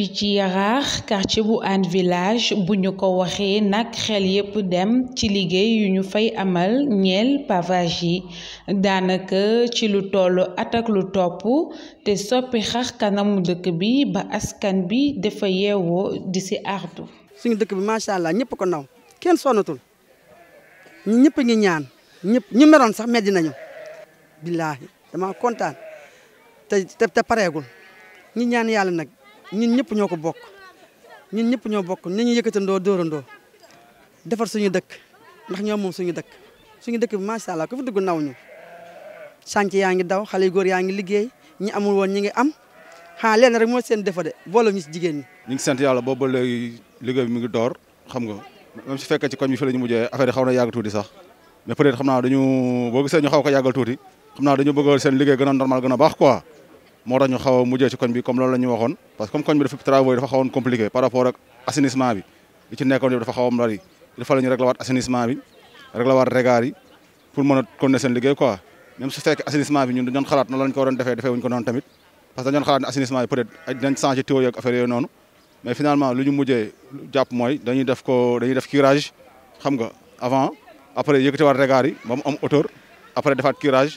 fii ci Yaraax quartier bu Hann Village bu ñu ko waxee nag xel yépp dem ci liggéey yu ñu fay amal ñeel pavage yi daanaka ci lu toll atak lu topp te soppi xax kanamu dëkk bi ba askan bi dafa yeewoo di ci artu suñu dëkk bi macha allah ñëpp ko naw kenn sonnatul ñu ñëpp ngi ñaan ñëpp ñu meroon sax meddi nañu billaahi dama kontaan te te pareegul ñi ñaan yàlla nag ñun ñëpp ñoo ko bokk ñun ñëpp ñoo bokk nañu yëkkatandoo dóorandoo defar suñu dëkk ndax ñoo moom suñu dëkk suñu dëkk bi macha allah ku fi dugg naw ñu. sànc yaa ngi daw xale yu góor yaa ngi liggéey ñi amul woon ñi ngi am xanaa leen rek moo seen defa de booloo ñu si jigéen ñi. ñu ngi sant yàlla boobu ba léegi liggéey bi mu ngi door xam nga même su fekkee ci koñ bi fi la ñu mujjee affaire yi xaw na yàgg tuuti sax mais peut-être xam naa dañu boo gisee ñu xaw ko yàggal tuuti xam naa dañu bëgg seen liggéey gën a normal gën a baax quoi moo tax ñu xaw a mujjee ci koñ bi comme loolu la ñu waxoon parce que comme koñ bi dafa travaux compliqué par rapport ak bi li ci nekkoon dafa xaw a bari il faut la ñu réglawaat assainissement bi réglawaat regards yi pour mën a continuer seen liggéey quoi même su fekkee assainissement bi ñun dañu doon xalaat noonu la ñu ko waroon defee defee wuñ ko noonu tamit parce que dañu doon xalaat ne assainissement bi peut-être dinañ changer tuyaux yeeg affaire yooyu noonu mais finalement lu ñu mujjee jàpp mooy dañuy def ko dañuy def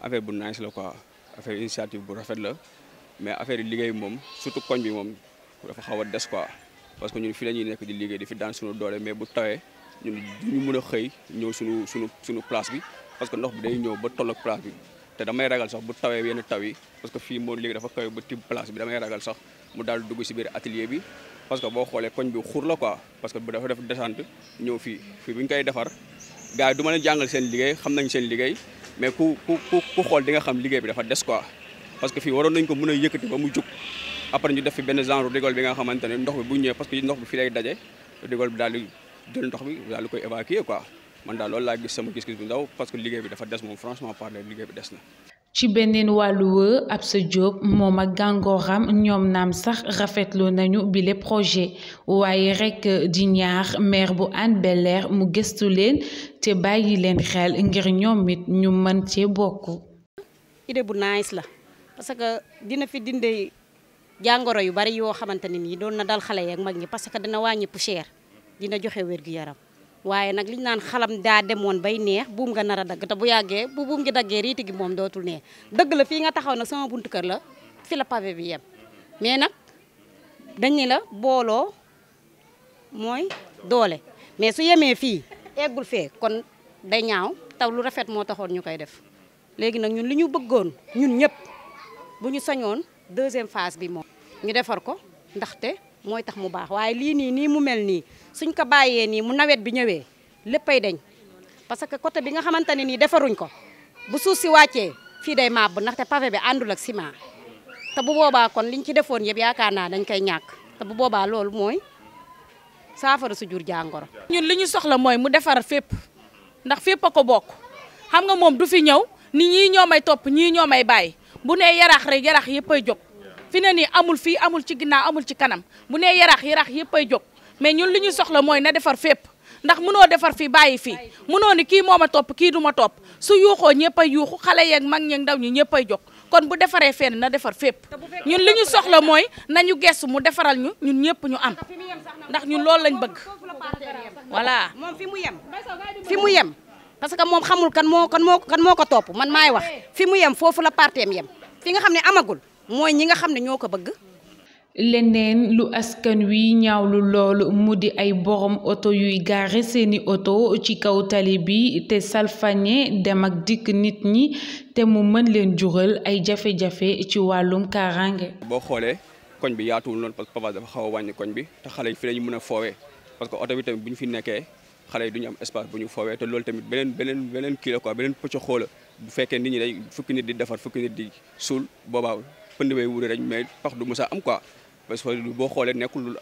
affaire bu nice la quoi affaire initiative bu rafet la mais affaire liggéey moom surtout koñ bi moom dafa xaw a des quoi parce que ñun fii la ñuy nekk di liggéey di fi daan suñu doole mais bu tawee ñun duñu a xëy ñëw suñu suñu suñu place bi parce que ndox bi day ñëw ba toll ak bi te damay ragal sax bu tawee yenn taw yi parce que fii moom léegi dafa kawe ba tibb place bi damay ragal sax mu daal dugg si biir atelier bi parce que boo xoolee koñ bi xuur la quoi parce que bu dafa def descente ñëw fii fii bu ñu koy defar gars du ma leen jàngal seen liggéey xam nañ seen liggéey mais ku ku ku xool di nga xam liggéey bi dafa des quoi parce que fii waroon nañ ko mën a yëkkati ba mu jóg après ñu def fi benn genre rigole bi nga xamante ne ndox bi bu ñëwee parce que ndox bi fii lay daje rigole bi daal di jël ndox bi daal di koy évacuer quoi man daal loolu laa gis sama gis-gis bu ndaw parce que liggéey bi dafa des moom franchement parler liggéey bi des na ci beneen wàllu wër Absa Diop moom ak gàngooram ñoom naam sax rafetlu nañu bile projet waaye rekk di ñaax meer bu Hann bel mu gëstu leen te bàyyi leen xel ngir ñoom it ñu mën cee bokk. idée bu nice la parce que dina fi dinde jàngoro yu bari yoo xamante ne nii doon na dal xale yi ak mag ñi parce que dina wàññi poussière dina joxe wér-gu-yaram. waaye nag li ñu naan xalam daa demoon bay neex buum nga nar a dagg te bu yàggee bu buum ngi daggee riiti gi moom dootul neex dëgg la fii nga taxaw nag sama buntu kër la fi la pavé bi yem mais nag dañ la booloo mooy doole mais su yemee fii eggul fee kon day ñaaw taw lu rafet moo taxoon ñu koy def léegi nag ñun li ñu bëggoon ñun ñëpp bu ñu sañoon deuxième phase bi moom ñu defar ko ndaxte moy tax mu bax waye li ni ni mu mel suñ ko bàyyee ni mu nawet bi ñëwee leppay dañ parce que côté bi nga xamante ni défaruñ ko bu suuf si wàccee fii day nak té pavé bi andul ak ciment té bu boba kon liñ ci défon yeb yaakaar naa dañ koy ñak té bu boba lool moy safara su jur jàngoro. ñun liñu soxla moy mu défar fep ndax fep ko bok xam nga mom du fi ñëw ni ñi ñomay may ñi ñomay bay bu né yarax rek yarax ay fi ne ni amul fi amul ci ginnaw amul ci kanam bu ne yarax yarax yeppay jog mais ñun li ñu soxla moy na defar fep ndax mëno defar fi bayyi fi mëno ni ki moma top ki duma top su yuxo ñeppay yuxu xalé yak mag ndaw ñi ñeppay jog kon bu defaree fen na defar fep ñun li ñu soxla moy nañu gess mu defaral ñu ñun ñepp ñu am ndax ñun lool lañ bëgg voilà mom fi mu yem fi mu yem parce que mom xamul kan mo kan mo kan moko top man may wax eh. fi mu yem fofu la partem yem fi nga amagul mooy ñi nga xam ne ñoo ko bëgg. leneen lu askan wi ñaawlu lool mu di ay borom oto yuy gaare seeni oto ci kaw tali bi te salfañe dem ak dikk nit ñi te mu mën leen jural ay jafe-jafe ci wàllum kaaraange. boo xoolee koñ bi yaatuwul noonu parce que pavage dafa xaw a wàññi koñ bi te xale yi fi lañu mën a foowee parce que oto bi tamit bu ñu fi nekkee xale yi du ñu am espace bu ñu foowee te loolu tamit beneen beneen beneen kii la quoi beneen pëcc xoola bu fekkee nit ñi day fukki di defar fukki nit di suul boobaawul. pënd bay wuure rek mais pax du mos a am quoi parce que boo xoolee nekkul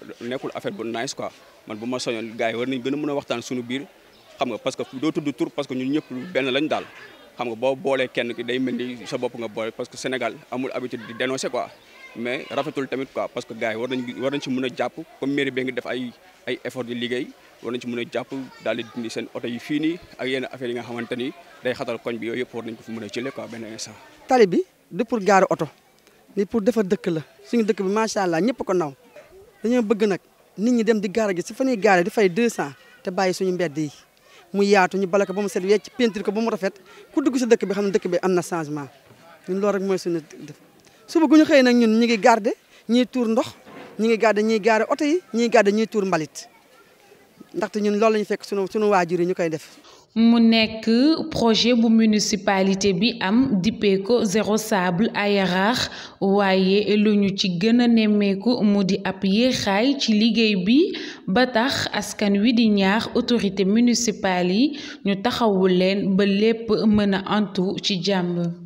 doo tudd tur parce que ñun ñëpp benn lañ daal xam nga boo boolee kenn day mel ni sa bopp nga boole parce que Sénégal amul habitude dénoncer quoi mais rafetul tamit quoi parce que gars war nañ ci mën a jàpp daal di dindi seen oto yi fii nii ak yenn affaire yi nga xamante day xatal koñ bi yooyu yëpp war nañ ko fi mën a jëlee quoi benn du pour gaari oto. ni pour defar dëkk la suñu dëkk bi macha allah ñëpp ko naw dañoo bëgg nag ni ñi dem di gaare gi si fa ñuy gaare di fay 200 te bàyyi suñu mbedd yi mu yaatu ñu bale ko ba mu set wecc peinture ko ba mu rafet ku dugg si dëkk bi xam dëkk bi am na changement ñun loolu rek mooy suñu def suba gu ñu xëyee nag ñun ñu ngi garde ñiy tuur ndox ñi ngi garde ñiy gaare oto yi ñiy garde ñiy tuur mbalit ndaxte ñun loolu la ñu fekk suñu suñu waajur yi ñu koy def mu projet bu municipalité bi am dipeko sable à Yaraax waaye lu ñu ci gën a nemmeeku mu di bi ba askan wi di autorité municipale yi ñu Belep leen ba lépp antu